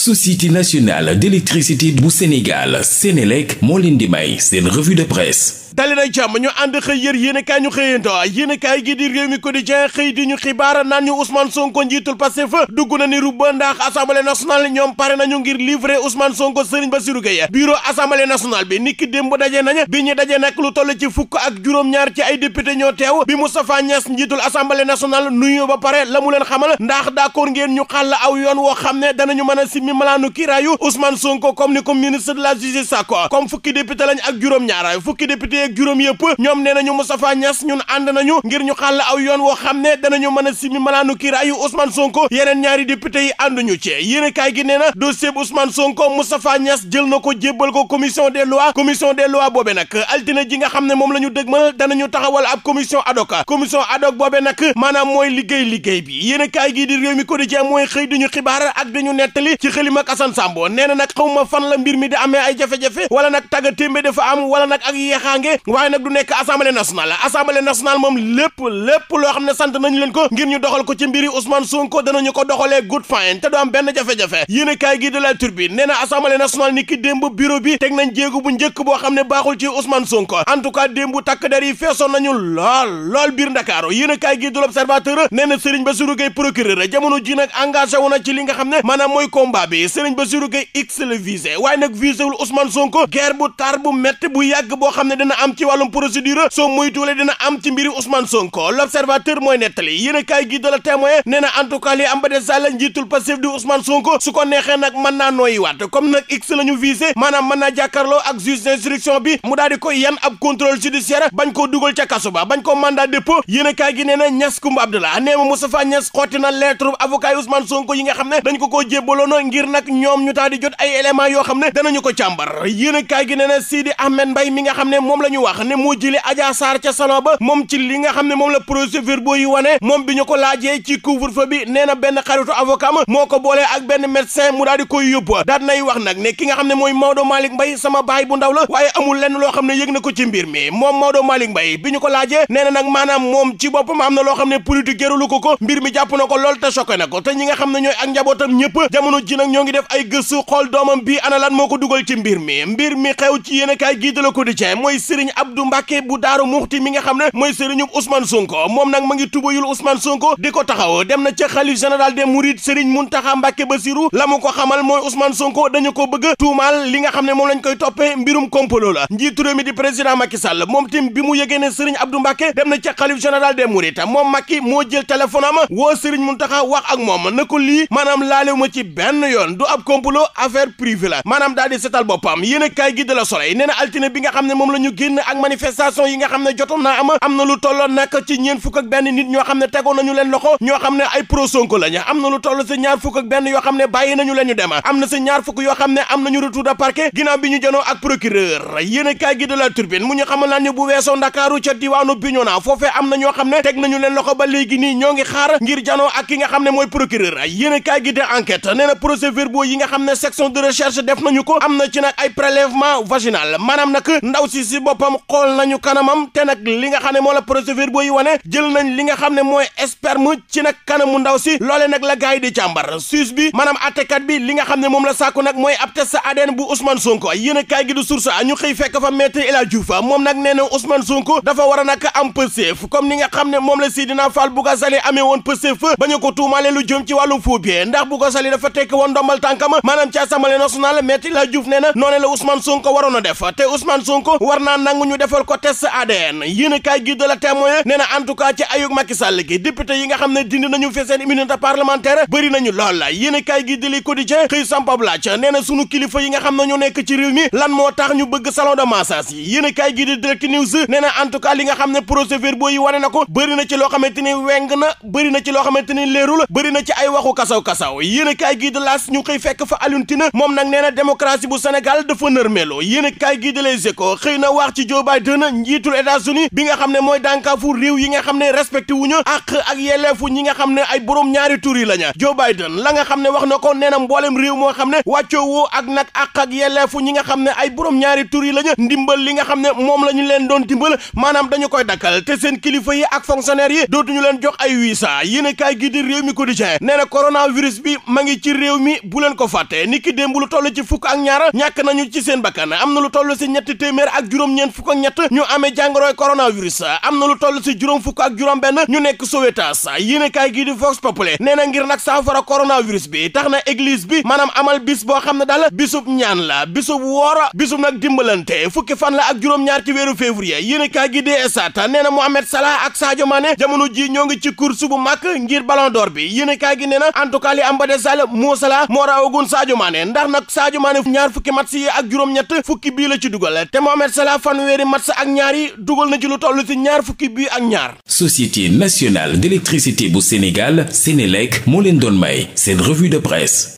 société nationale d'électricité bu Sénégal Sénélec moo leen di may seen revue de presse dali na jàmm ñu ànd xëy yër yéenekaay ñu xëyanto yéenekaay gi di Rewmi Quotidien xëy di ñu xibaar naan ñu Ousmane Sonko njiitul Pastef dugg na ni rubba ndax Assemblée nationale ñoom pare nañu ngir livrer Ousmane Sonko Serigne Bassirou Gueye bureau Assemblée nationale bi niki démb dajee nañ bi ñu dajee nag lu toll ci fukk ak juróom-ñaar ci ay député ñoo teew bi Moustapha Niass summi malaanu kiiraayu Ousmane Sonko comme ni ko ministre de la justice sàkko comme fukki député lañ ak juróom ñaara fukki député ak juróom yëpp ñoom nee nañu Moustapha Niass ñun ànd ngir ñu xàll aw yoon woo xam ne danañu mën a summi malaanu kiiraayu Ousmane Sonko yeneen ñaari député yi ànduñu ci yéene kaay gi nee na dossier bu Ousmane Sonko Moustapha Niass jël na ko jébbal ko commission des lois commission boobe nag altine ji nga xam ne moom la ñu dëgmal danañu taxawal ab commission ad hoc commission ad hoc boobe nag maanaam mooy bi yéene kaay gi di réew mi xëlim ak Assane Sambo nee na nag fan la mbir mi di amee ay jafe-jafe wala nag tagga témbe dafa am wala nag ak yeexaange waaye nag du nekk assemblée nationale assemblée nationale moom lépp lépp loo xam ne sant nañu leen ko ngir ñu doxal ko ci mbiri Ousmane Sonko danañu ko doxalee good fine te du am benn jafe-jafe yéen kaay gi de la turbine nee na assemblée ni ki démb bureau bi teg nañ jéegu bu njëkk boo xam ne baaxul ci Ousmane Sonko en tout cas démb takk der yi feesoon nañu lool lool biir Ndakaaru yéen kaay gi de l'observateur na Serigne li nga xam ne maanaam mooy combat bi Serigne Bassirou Gueye x la visé waaye nag visé wul Ousmane Sonko guerre bu tar bu métti bu yàgg boo xam ne dina am ci wàllum procédure soo moytuwulee dina am ci mbiri Ousmane Sonko l'observateur mooy nettali yéen a gi de la témoin nee na en tout cas li am ba de sàll njiitul Pastef di Ousmane Sonko su ko neexee nag mën naa nooyi waat comme nag x la ñu visé maanaam mën naa jàkkaarloo ak juge d'instruction bi mu daal di koy yan ab contrôle judiciaire bañ koo dugal ca kaso ba bañ koo na Niass Koumba Abdallah nee yi nga xam ne dañ ko koo jébbaloon ngir nag ñoom ñu daal di jot ay éléments yoo xam ne danañu ko càmbar kaay gi mi nga xam ne moom la ñu wax ne moo jëlee Adja Sarr ca moom li nga xam ne moom la procès-verbaux yi wane moom bi ñu ko laajee ci couvre bi nee na benn xaritu avocat ma moo ko boolee ak benn médecin mu daal di koy yóbbu daal nay wax nag ne ki nga xam ne mooy Maodo Malick Mbaye sama baay bu ndaw la waaye amul lenn loo xam ne yëg na ko ci mbir mi moom Maodo Malick Mbaye bi ñu ko laajee nee na nag maanaam moom ci boppam am na loo xam ne politique jërulu ko ko mbir mi jàpp na ko lool te choqué na te ñi nga xam ne ñooy ak njabootam ñëpp jamono ji nag ñoo ngi def ay gëstu xool doomam bii ana lan moo ko dugal ci mbir mi mbir mi xew ci yéen a ko gii de la Quotidien mooy Serigne Abdou bu Daaru Muxti mi nga xam ne mooy Serigne Ousmane Sonko moom nag ma ngi tubayul Ousmane Sonko di ko taxaw dem na ca xalif général des Mourides Serigne Mountakha Mbacke Bassirou la mu ko xamal mooy Ousmane Sonko dañu ko bëgg tuumaal li nga xam ne moom lañ koy toppee mbirum complot la njiitu réew mi di président mak Sall moom tim bi mu yëgee ne Serigne Abdou Mbacke dem na ca xalif général des Mourides moom Macky moo jël téléphone am woo Serigne Mountakha wax ak moom na ko lii maanaam laalewu ma ci benn yoon du ab complot affaire privée la maanaam daal di setal boppam yéen a kaay gi de altine bi nga xam ne moom la ñu génn ak manifestation yi nga xam ne jotoon naa am am na lu tolloon nag ci ñeen fukk ak nit ñoo xam ne tegoon nañu leen loxo ñoo xam ne ay pro Sonko lañu am na lu toll ci ñaar fukk ak benn yoo xam ne bàyyi nañu leen ñu dem am na ci ñaar fukk yoo xam ne am nañu retour de parquet ginnaaw bi ñu janoo ak procureur yéen a kaay gi weesoo Ndakaaru ca diwaanu Bignona foofee na ñoo xam ne teg nañu leen loxo ba léegi nii ñoo ngi xaar ak ki nga xam ne mooy procureur yéen a kaay gi de procès verbaux yi nga xam ne section de recherche def nañu ko am na ci nag ay prélèvement vaginal maanaam nag ndaw si si boppam xool nañu kanamam te nag li nga xam ne moo la procès ci nag kanamu ndaw si loole nag la gars yi di suus bi maanaam attekat bi li nga xam ne moom la sàkku nag mooy ab test ADN bu Ousmane Sonko yéen a kaay gi du source ñu xëy fekk fa maître El Hadji Diouf moom nag nee na Ousmane Sonko dafa war a nag am pëseef comme ni nga xam ne moom la borom ndombal tànkam maanaam ci assemblée nationale Maître la Diouf nee noone la Ousmane Sonko waroon a def te Ousmane Sonko war naa nangu ñu defal ko test ADN yéen a kaay gi de la témoin ci ayug Macky Sall gi yi nga xam ne dindi nañu fi seen immunité parlementaire bëri nañu lool yéen a kaay gi de li quotidien xëy sampablaac nee na sunu kilifa yi nga xam ne nekk ci réew mi lan moo tax ñu bëgg salon de massage yi yéen a kaay gi di direct las ñu koy fekk fa Alioune moom nag nee na démocratie bu Sénégal dafa nërmeeloo yéen a kaay gii de Les xëy na wax ci Joe Biden njiitul États-Unis bi nga xam ne mooy dànkaafu réew yi nga xam ne respecté wuñu àq ak yelleefu ñi nga xam ne ay borom ñaari tur la ña Joe la nga xam ne wax na ko nee na mboolem réew moo xam ne wàccoowoo ak nag àq ak yelleefu ñi nga xam ne ay borom ñaari tur yi la ña ndimbal li nga xam ne moom la ñu leen doon dimbal maanaam dañu koy dakkal seen kilifa yi ak fonctionnaire yi dootuñu leen jox ay visa yéen a kaay gii di réew mi quotidien nee na bi ma ngi ci réew mi mi bu leen ko fàtte ni ki démb lu toll ci fukk ak ñaar ñàkk nañu ci seen bakkan am na lu toll si ñetti téeméer ak juróom-ñeent fukk ak ñett ñu amee jàngoroy coronavirus am na lu toll si juróom fukk ak juróom benn ñu nekk Sowétas yéene kaay gii di Vox Populi nee na ngir nag saafara coronavirus bi tax na église bi maanaam amal bis boo xam ne daal bisub ñaan la bisub woora bisub nag dimbalante fukki fan la ak juróom-ñaar ci weeru février yéene kaay gii di Stades nee na Mohamed Salah ak Sadio Mané jamono ji ñoo ngi ci course bu mag ngir ballon d'or bi yéene kaay gi nee na en tout Keita moo raawagun Sadio Mané ndax nag Sadio Mané ñaar fukki match yi ak juróom-ñett fukki bii la ci dugal te Mohamed Salah fanweeri mats ak ñaar yi dugal na ci lu toll ci ñaar fukki bii ak ñaar. Société nationale d'électricité bu Sénégal Sénélec moo leen doon may seen revue de presse.